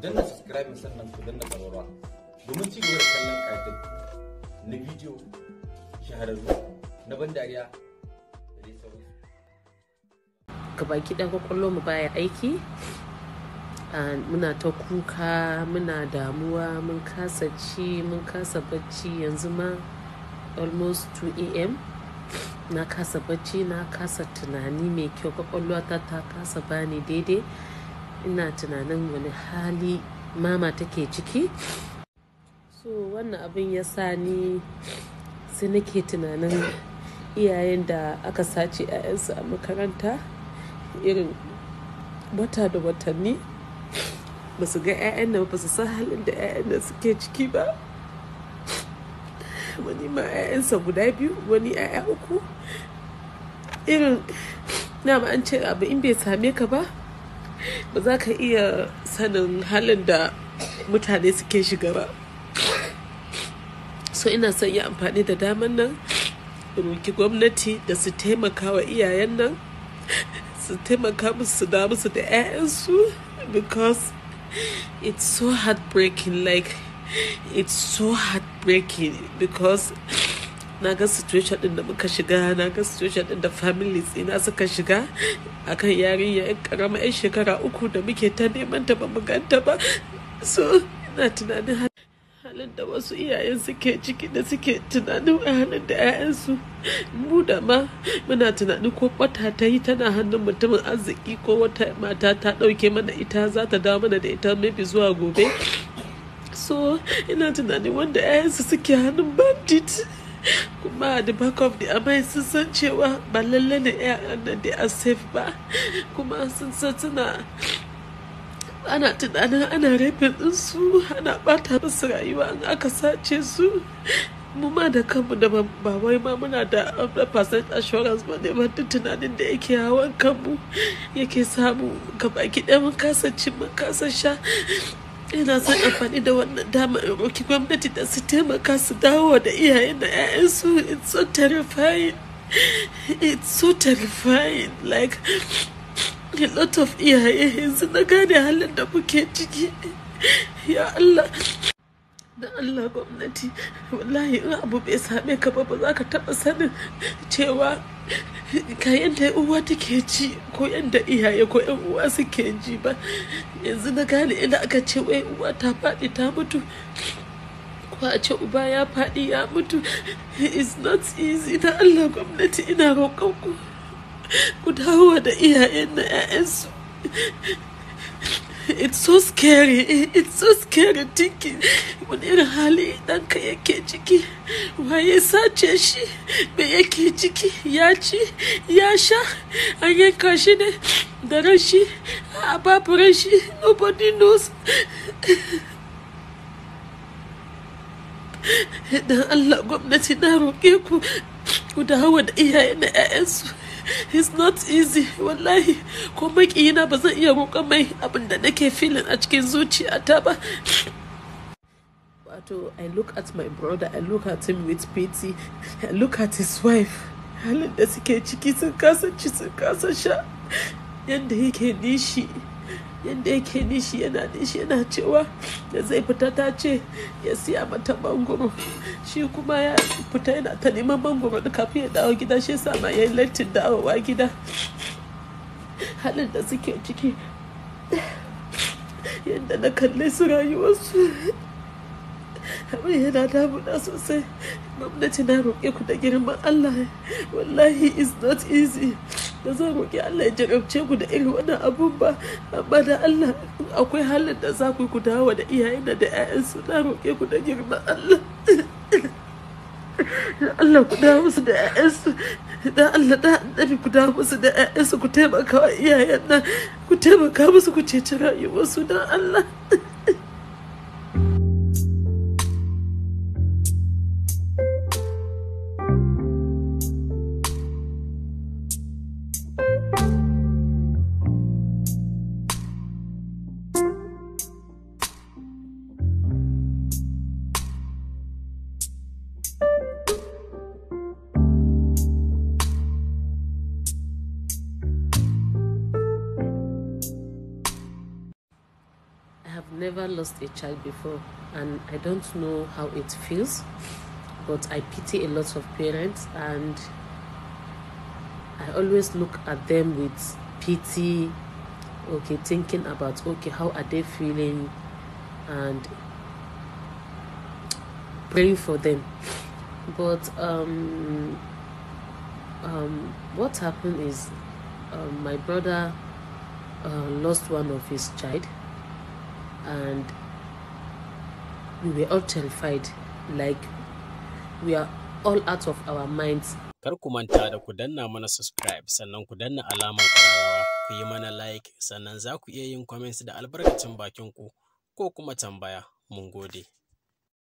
danna subscribe sannan ku danna domin ci gaba da kallon na shahararru na kwakwalwar mu baya aiki muna ta kuka muna damuwa mun kasa ci mun kasa bacci yanzu ma almost 2 am na kasa bacci na kasa tunani mai kyau kwakwalwata ta kasa bani daidai ina tunanin wani hali mama take ciki so wannan abin ya sa ni sai nake tunanin iyayen da aka sace 'ya'yansu a makaranta irin wata da watanni ba su ga 'ya'yan nan ba su san halin da 'ya'yan nan suke ciki ba wani ma 'ya'yansa guda biyu wani 'ya'ya uku irin na ba an ce abu in bai same ka ba ba za ka iya sanin halin da mutane suke shiga ba so ina son yi amfani da daman nan roki gwamnati da su taimaka wa iyayen nan su taimaka musu da musu da 'ya'yansu because it's so heartbreaking like it's so heartbreaking because na ga situation din da muka shiga na ga situation din da families ina suka shiga akan yarinya yan karama yan shekara uku da muke ta neman ta ba mu ganta ba so ina tunanin halin da wasu iyayen suke ciki da suke tunanin a halin da 'ya'yansu mu da ma muna tunanin ko kwata ta yi tana hannun mutumin arziki ko wata mata ta ɗauke mana ita za ta dawo mana da ita maybe zuwa gobe so ina tunanin wanda 'ya'yansu suke hannun bandit kuma the back of the amai sun san cewa ba lalle ne yayan nan dai a safe ba kuma sun san suna ana tunanin ana rafin su ana bata musu rayuwa in aka sace su mu ma da kanmu da ba wai ma muna da 100% assurance ba ne ba duk tunanin da yake hawan kanmu yake samu gaba gidan ɗaya mun kasa cin mun kasa sha ina son amfani da wannan dama in roki gwamnati da su taimaka su dawo da iyayen da 'ya'yansu it's so terrifying it's so terrifying like a lot of iyaye yanzu na gane halin da muke ciki ya Allah Allah gwamnati wallahi in abu bai same ka ba ba za ka taɓa sanin cewa ka yadda uwa take ci ko yadda iyaye ko yan uwa suke ji ba yanzu na gane ina aka ce wai uwa ta faɗi ta mutu ko a ce uba ya faɗi ya mutu is not easy da Allah gwamnati ina roƙon ku ku dawo da iyayen na 'ya'yansu it's so scary it's so scary tiki wani irin hali ɗanka yake ciki waye sace shi me yake ciki ya ci ya sha an yanka shi ne da rashi a babu rashi nobody knows dan allah gwamnati na roƙe ku ku dawo da iyaye da 'ya'yansu it's not easy wallahi ko makiyina ba zan iya roƙon mai abinda nake filin a cikin zuciyata ba wato i look at my brother i look at him with pity i look at his wife halin da suke ciki sun kasance sun kasa sha yadda yake nishi yadda yake nishi yana nishi yana cewa da zai fita ta ce ya siya mata mangoro shi kuma ya fita yana ta neman mangoro da kafin ya dawo gida shi yasa ma yayin lantin dawowa gida halin da suke ciki yadda na kalle su rayuwarsu abin yana damuna sosai gwamnati na roƙe ku da girman allah wallahi is not easy da zai roƙi Allah ya jarabce ku da irin wannan abun ba amma da Allah akwai halin da za ku ku dawo da iyayen da da ƴaƴansu na roƙe ku da girma Allah Allah ku dawo musu da su da Allah da annabi ku dawo musu da ƴaƴansu ku taimaka wa iyayen nan ku taimaka musu ku ceci su don Allah never lost a child before and I don't know how it feels, but I pity a lot of parents and I always look at them with pity, okay, thinking about, okay, how are they feeling and praying for them. But um, um, what happened is um, my brother uh, lost one of his child and we were all terrified like we are all out of our minds kar ku manta da ku danna mana subscribe sannan ku danna alamar ƙararrawa ku yi mana like sannan za ku iya yin comments da albarkacin bakin ku ko kuma tambaya mun gode